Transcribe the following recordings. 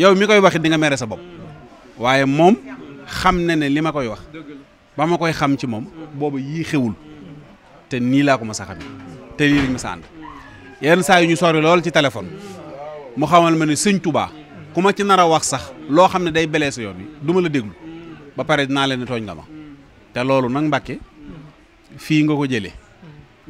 yow mi koy waxit di nga mere sa bopp waaye moom xam na ne li ma koy wax ba ma koy xam ci moom booba yii xewul te nii laa ko ma sa xame te lii lañ ma sa ànd yenn saa yu ñu sori lool ci téléphone mu xamal ma ni sëñ Touba ku ma ci nar a wax sax loo xam ne day belee sa yoon yi du la déglu ba pare dinaa leen tooñ nga ma te loolu nag Mbàkke fii nga ko jëlee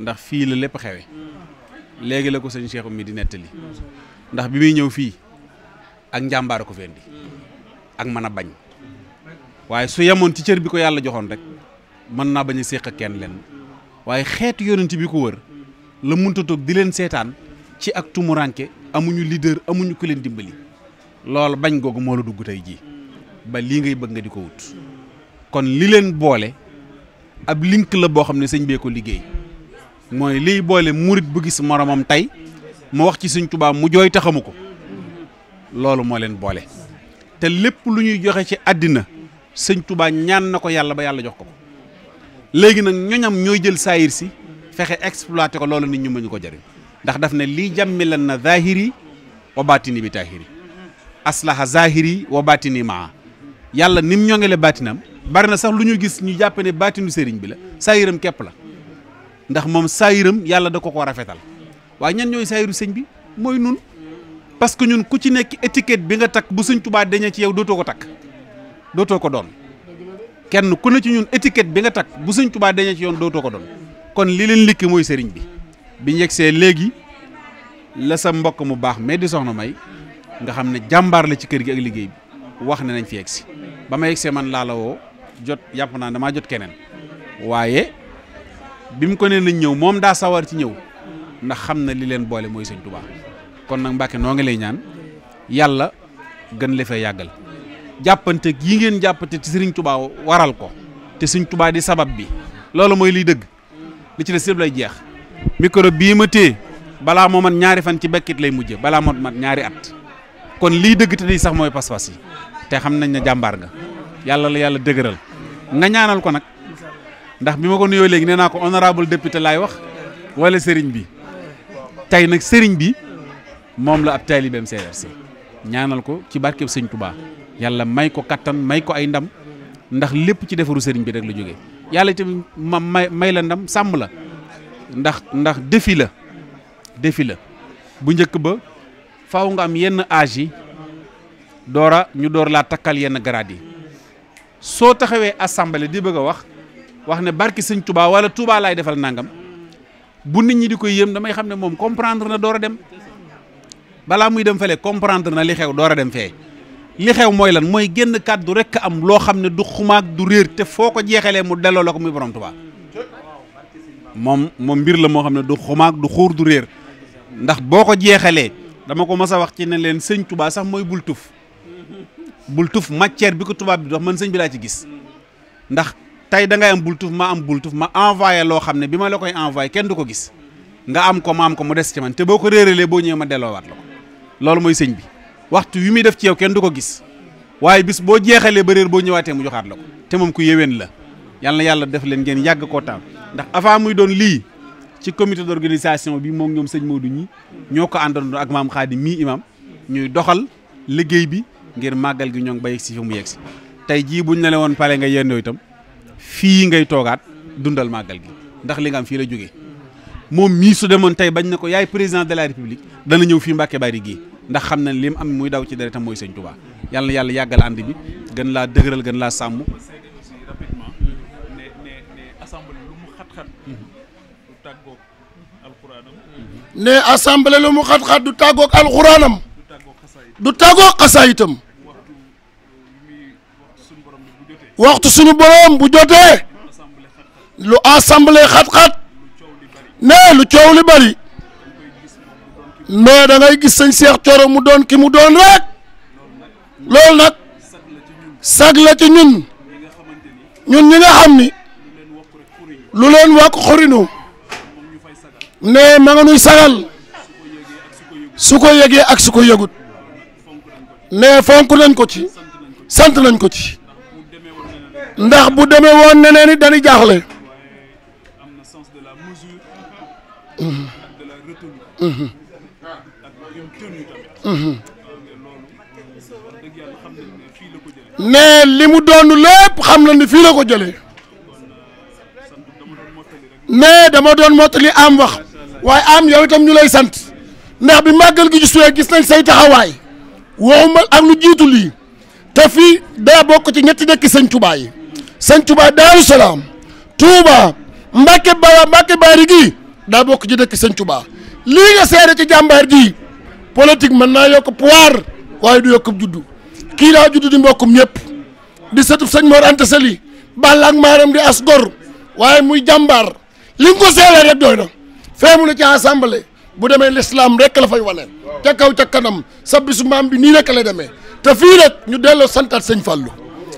ndax fii la lépp xewe léegi la ko sëñ Cheikh mi di nettali ndax bi muy ñëw fii ak njàmbaar ko fendi ak mën a bañ waaye su yemoon ci cër bi ko yàlla joxoon rek mën naa bañ a séq ak kenn leen waaye xeetu yonent bi ko wër la munta toog di leen seetaan ci ak tumuraanke amuñu leader amuñu ku leen dimbali loolu bañ googu moo la dugg tey jii ba lii ngay bëgg nga di ko wut kon li leen boole ab link la boo xam ne sëñ bee ko liggéey mooy liy boole murit bu gis moroomam tey mu wax ci Sëñ Tuubaa mu jooy taxamu ko loolu moo leen boole te lépp lu ñuy joxe ci àddina sëñ tubaa ñaan na ko yàlla ba yàlla jox ko ko léegi nag ñoñam ñooy jël saayir si fexe exploité ko loolu nit ñu mënu ko jëriñ ndax daf ne lii jàmmi lan na zahiri wa baatini bi taahiri aslaha zahiri wa baatini maa yàlla nim ñoŋele baatinam bari na sax lu ñu gis ñu jàpp ne baatinu sëriñ bi la saayiram képp la ndax moom saayiram yàlla da ko ko rafetal waaye ñan ñooy saayiru sëñ bi mooy nun parce que ñun ku ci nekk étiquette bi nga takk bu Sëñ Tuubaa dañee ci yow dootoo ko takk dootoo ko doon kenn ku ne ci ñun étiquette bi nga takk bu Sëñ Tuubaa dañee ci yoon dootoo ko doon kon li leen likki mooy sëriñ bi bi ñu yegsee léegi la sa mbokk mu baax mais di soxna may nga xam ne jàmbaar la ci kër gi ak liggéey bi wax ne nañ fi yegsi ba ma yegsee man laa la woo jot yàpp naa damaa jot keneen waaye bi mu ko nee nañ ñëw moom daa sawar ci ñëw ndax xam na li leen boole mooy Sëñ Tuubaa kon nag Mbàkke noo ngi lay ñaan yàlla gën la fee yàggal jàppante gii ngeen jàppante ci Sëriñ Tuubaa waral ko te suñ Tuubaa di sabab bi loolu mooy liy dëgg li ci des yëpp lay jeex micro bii ma téye balaa moo mat ñaari fan ci bekkit lay mujje balaa moo mat ñaari at kon lii dëgg te di sax mooy pas-pas yi te xam nañ ne jàmbaar nga yàlla la yàlla dëgëral nga ñaanal ko nag ndax bi ma ko nuyoo léegi nee naa ko honorable député laay wax walla sëriñ bi sëriñ bi moom la ab taalibeem seereer si ñaanal ko ci barkeb sëñ tubaa yàlla may ko kàttan may ko ay ndam ndax lépp ci defaru sëriñ bi rek la jóge yàlla itam ma may may la ndam sàmm la ndax ndax défi la défi la bu njëkk ba faw nga am yenn âge yi doora ñu door laa takkal yenn grade yi soo taxawee assemblée di bëgg a wax wax ne barki sëñ Touba wala Touba laay defal nangam bu nit ñi di koy yëm damay xam ne moom comprendre na door a dem balaa muy dem fële comprendre na li xew door a dem fee li xew mooy lan mooy génn kàddu rek am loo xam ne du xumaag du réer te foo ko jeexalee mu delloo la ko muy borom Tuubaa moom moom mbir la moo xam ne du xumaag du xuur du réer ndax boo ko jeexalee dama ko mas a wax ci ne leen sëñ Tuubaa sax mooy bul tuf bul tuf matière bi ko tubaab bi dox man sëñ bi laa ci gis ndax tey da am bul tuf ma am bul tuf ma envoyé loo xam ne bi ma la koy envoyé kenn du ko gis nga am ko ma am ko mu des ci man te ko réeralee boo ñëwee ma delloowaat la loolu mooy sëñ bi waxtu wi muy def ci yow kenn du ko gis waaye bis boo jeexalee ba réer boo ñëwaatee mu joxaat la ko te moom ku yéwén la yàlla yàlla def leen ngeen yàgg koo taam ndax avant muy doon lii ci comité d'organisation bi moom ñoom sëñ du ñi ñoo ko àndandoo ak maam xaadi mii imam ñuy doxal liggéey bi ngir màggal gi ñoom ba bay si fi mu yegg si tey jii buñ ne la woon pare nga yendoo itam fii ngay toogaat dundal màggal gi ndax li nga fii la jógee moom mii su demoon tey bañ na ko yaay président de la république dana ñëw fii Mbacke Bari gii ndax xam na lim am muy daw ci deretam mooy sëñ Touba yàlla yàlla yàggal ànd bi gën laa dëgëral gën laa sàmm. ne assemblée lu mu xat-xat du tàggoog alxuraanam. du tàggoog xasaayitam. waxtu suñu borom bu jotee. lu assemblée xat-xat. nee lu coow li bari mais da gis sëñ Cheikh Thioro mu doon ki mu doon rek loolu nag sag la ci ñun ñun ñi nga xam ni lu leen wàkk xurinu ne ma nga nuy sagal su ko yëgee ak su ko yégut ne fonk nañ ko ci sant nañ ko ci ndax bu demee woon neneen it dañuy jaaxle tenue. Mhm. Ah, ak ñoom mhm. ne li mu doon lépp xam na ni fii la ko jëlee ne dama doon mottali am wax waaye am yow itam ñu lay sant ndax bi màggal gi gisee gis nañ say taxawaay waxuma ak lu jiitu lii te fii daa bokk ci ñetti dëkk sëñ Touba yi sëñ Touba Daaru Salaam Ba Mbacke Baari gi daa bokk ci dëkk sëñ Touba. lii nga seede ci jàmbaar jii politique mën naa yokk pouvoir waaye du yokkub juddu kii laa juddu di mbokkum ñëpp di sëtub sëñ Mor Anta Sali bàll ak maaram di as gor waaye muy jàmbaar li nga ko seede rek doy na fee mu ne ci assemblée bu demee l'islam rek la fay wane ca kaw ca kanam sa bisu bi nii nekk lay demee te fii rek ñu delloo santaat sëñ Fallou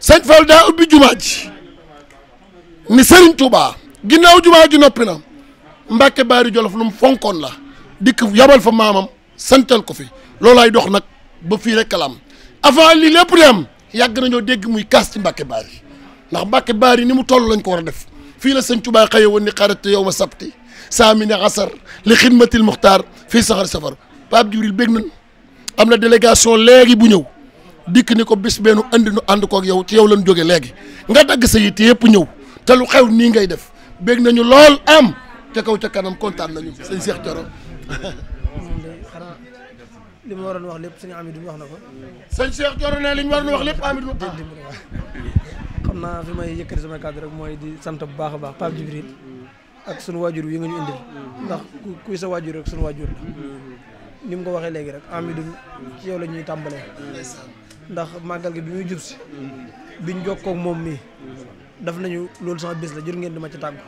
sëñ Fallou daa ubbi jumaa ji ni Serigne Touba ginnaaw jumaa ji noppi na Mbàkke Baari Jolof lu mu fonkoon la dikk yabal fa maamam santal ko fi loolu loolaay dox nag ba fii rek la am avant lii lépp di am yàgg nañoo dégg muy kaas ci Mbàkke Baari ndax Mbàkke Baari ni mu toll lañ ko war a def fii la sëñ Tuubaa xëye woon ni xarat yow ma sabti saa mi ne asar li xidmatil muxtaar fii saxar safar Pape Djibril bég nañ am na délégation léegi bu ñëw dikk ni ko bis bennu indi nu ànd kook yow ci yow lañ jóge léegi nga dagg sa yitte yëpp ñëw te lu xew nii ngay def bég nañu lool am ca kaw ca kanam kontaan nañu sëñ Cheikh Thioro moom de xanaa li ma waroon wax lépp sëñ Amidou wax na ko. sëñ Cheikh li ñu waroon wax lépp Amidou. xam naa fi may yëkkati sama kàddu rek mooy di sant bu baax a baax Pape Djibril ak sunu waajur yi nga ñu indil ndax ku kuy sa waajur rek sunu waajur la ni mu ko waxee léegi rek Amidou ci yow la ñuy tàmbalee ndax màggal gi bi muy jub si biñ kook moom mii daf nañu loolu sama bis la jur ngeen di ma ci tàggu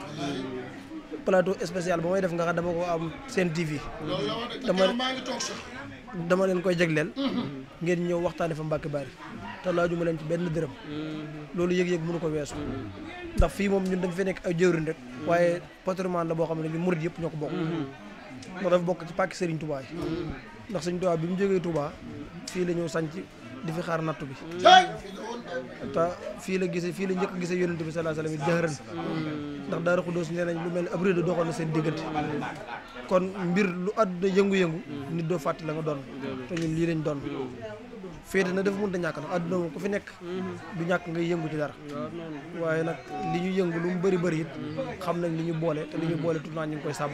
plateau spécial ba may def nga xam dama ko am seen TV. dama dama leen koy jagleel. ngeen ñëw waxtaane fa Mbàkke Bari te laa ma leen ci benn dërëm. loolu yëg-yëg mënu ko weesu. ndax fii moom ñun dañ fee nekk ay jëwriñ rek. waaye patrimoine la boo xam ne ñun murid yëpp ñoo ko bokk. ndax dafa bokk ci pàkki Serigne Touba ndax Serigne Touba bi mu jógee Touba fii la ñëw sànc di fi xaar nattu bi. te fii la gisee fii la njëkk a gisee yonent bi sallallahu alayhi wa sallam ndax Daaru Xuddoos nee nañ lu mel ne ab réew doxoon na seen diggante kon mbir lu àdduna yëngu-yëngu nit doo fàtte la nga doon te ñun lii lañ doon féete na dafa mënut a ñàkk ndax àdduna moom ku fi nekk du ñàkk ngay yëngu ci dara waaye nag li ñu yëngu lu mu bëri bëri it xam nañ li ñu boole te li ñu boole tout naa ñu ngi koy sàmm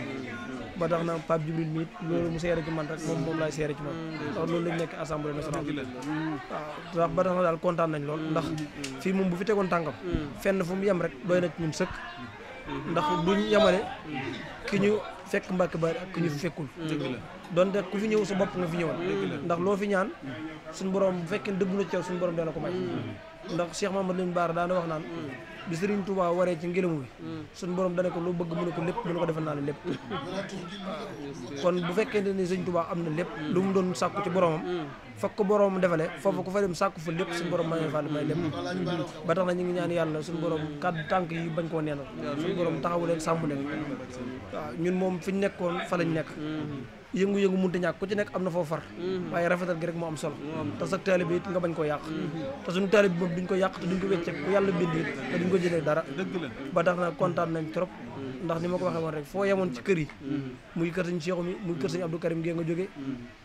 ba tax na Pape Djibril mi it loolu mu seere ci man rek moom moom laay seere ci man ndax loolu nekk assemblée nationale waaw ndax ba tax na daal kontaan nañ lool ndax fii moom bu fi tegoon tànkam fenn fu mu yem rek doy na ci sëkk ndax duñ yemale ki ñu fekk mbàkk bari ak ki ñu fekkul de ku fi ñëw sa bopp nga fi ñëwal ndax loo fi ñaan suñu borom bu fekkee dëgg na ci yow suñu borom dana ko may mm. ndax Cheikh Mamadou Lamine Bara daana wax naan mm. bi Serigne Touba waree ci ngelaw wi hmm. suñ borom dana ko lu bëgg mënu ko lépp mënu ko defal naa lépp hmm. kon bu fekkente ni Serigne Touba am na lépp hmm. lu mu doon sàkku ci boromam fak ko boromam defale foofu ko fa dem sàkku fa lépp suñu borom ma fàll may lépp ba tax na ñu ngi ñaan yàlla suñu borom kàddu tànk yi bañ koo neenal suñu boroom taxawu leen sàmm leen ñun moom fi ñu nekkoon fa lañ nekk yëngu-yëngu munta ñàkk ku ci nekk am na foo far mhm. waaye rafetal gi rek moo am solo te sax taalibe it nga bañ ko yàq mhm. te suñu taalibe moom duñ ko yàq te duñ ko wéccee ku yàlla bind it te duñ ko jëlee dara ba tax na kontaan nañ trop mhm. ndax ni ma ko waxee woon rek foo yemoon ci kër yi muy kër sëñ Cheikh mi muy kër sëñ Abdou Karim gi nga jóge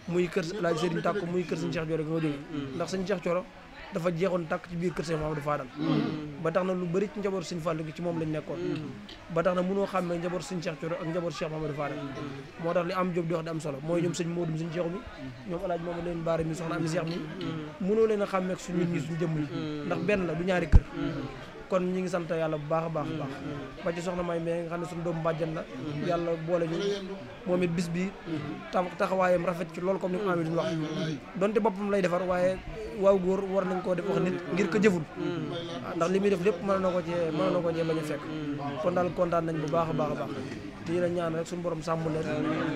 muy kër Laaj Serigne Tàkko muy kër sëñ Cheikh Dioro gi nga jógee ndax sëñ Cheikh Dioro dafa jeexoon tàkk ci biir kër Cheikh Mamadou Fadal ba tax na lu bëri njaboot suñ Fallu gi ci moom lañ nekkoon ba tax na mënoo xàmmee njaboot suñ Cheikh Thioro ak njaboot Cheikh Mamadou Fadal moo tax li am job di wax di am solo mooy ñoom sëñ Modou sëñ Cheikh mi ñoom alaaj mooma leen baare mi soxna am Cheikh mi mënoo leen a xàmmee ak suñu nit ñi suñu jëmm yi ndax benn la du ñaari kër kon ñi ngi sant yàlla bu baax a baax baax ba ci soxna may mais nga xam ne suñu doomu bàjjan la yàlla boole ñu moom it bis bi taxawaayam rafet ci loolu comme ni ko amee duñu wax donte lay defar waaye waaw góor war nañ koo def wax nit ngir ko jëful mm. ndax li muy def lépp mën na ko cee mën ko cee bañ a fekk kon daal kontaan nañ bu baax a baax a baax lii la ñaan rek suñu borom sàmm leen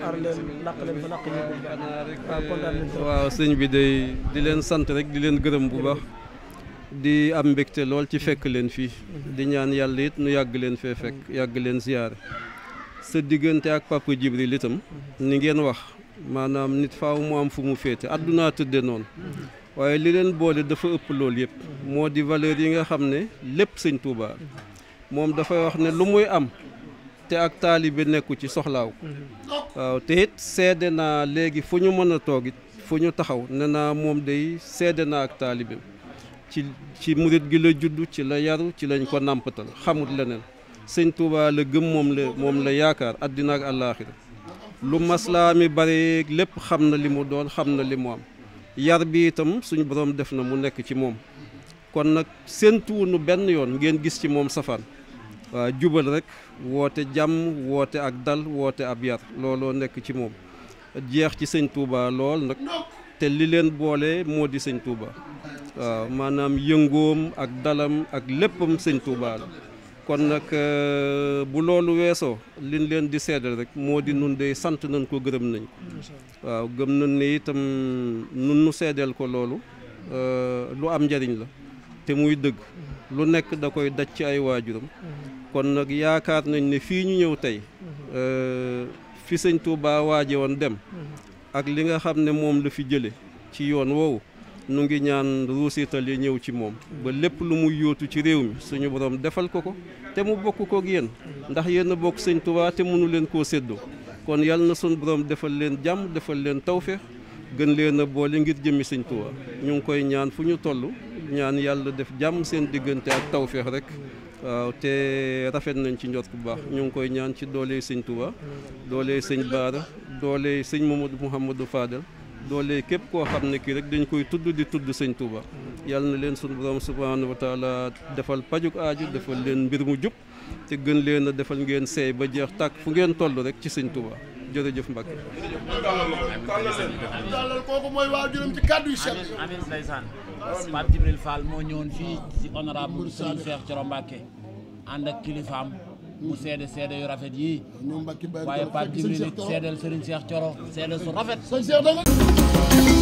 aar leen naq leen bi day di leen sant rek di leen gërëm bu baax di am mbégte lool ci fekk leen fii di ñaan yàlla it nu yàgg leen fee fekk yàgg leen ziyaare sa diggante ak papa Jibril itam ni ngeen wax maanaam nit faaw mu am fu mu féete àdduna tëdde noonu waaye li leen boole dafa ëpp loolu yëpp moo di valeur yi nga xam ne lépp sëñ Tuubaa moom dafay wax ne lu muy am te ak taalibe nekku ci soxlaaw waaw te it seede naa léegi fu ñu mën a toog it fu ñu taxaw ne naa moom day sedd naa ak taalibeem ci ci murit gi la judd ci la yaru ci lañ ko nàmpatal xamut leneen sëñ Tuubaa la gëm moom la moom la yaakaar àddina ak àllaaxira lu maslaa mi bare lépp xam na li mu doon xam na li mu am yar bi itam suñu borom def na mu nekk ci moom kon nag séentuwunu benn yoon ngeen gis ci moom safaan waa jubal rek woote jàmm woote ak dal woote ab yar looloo nekk ci moom jeex ci sëñ Tuubaa lool nag te li leen boolee moo di sëñ Tuubaa waaw maanaam yëngoom ak dalam ak léppam sëñ Touba kon nag euh, bu loolu weesoo liñ leen di seedal rek moo di nun de sant nañ ko gërëm nañ waaw gëm nañ ne itam nun nu seedeel ko loolu euh, lu am njariñ la te muy dëgg mm-hmm. lu nekk da koy daj ci ay waajuram mm-hmm. kon nag yaakaar nañ ne fii ñu ñëw tey mm-hmm. euh, fi sëñ Touba waaje woon dem ak li nga xam ne moom la fi jële ci yoon woowu nu ngi ñaan ruusital yi ñëw ci moom ba lépp lu mu yóotu ci réew mi suñu borom defal ko ko te mu bokk koog yéen ndax yéen bokk sëñ Tuubaa te mënu leen koo séddoo kon yàlla na suñu borom defal leen jàmm defal leen tawféex gën leen boole ngir jëmmi sëñ Tuubaa ñu ngi koy ñaan fu ñu toll ñaan yàlla def jàmm seen diggante ak tawféex rek waaw te rafet nañ ci njot bu baax ñu ngi koy ñaan ci doole sëñ Tuubaa doole sëñ Baara doole sëñ Mamadou Mouhamadou Fadel doole képp koo xam ne kii rek dañ koy tudd di tudd sëñ Touba yàlla na leen sunu borom subhaanahu wa taala defal pajuk aajo defal leen mbir mu jub te gën leen a defal ngeen seey ba jeex tàkk fu ngeen tollu rek ci sëñ Touba jërëjëf Mbacke. tàllal kàddu yu sell. amiin moo ñëwoon fii ci honorable Serigne Cheikh Thioro Mbacke ànd ak kilifaam. mu seede seede yu rafet yii waaye Pape Djibril it seedeel Serigne Cheikh Thioro seede su rafet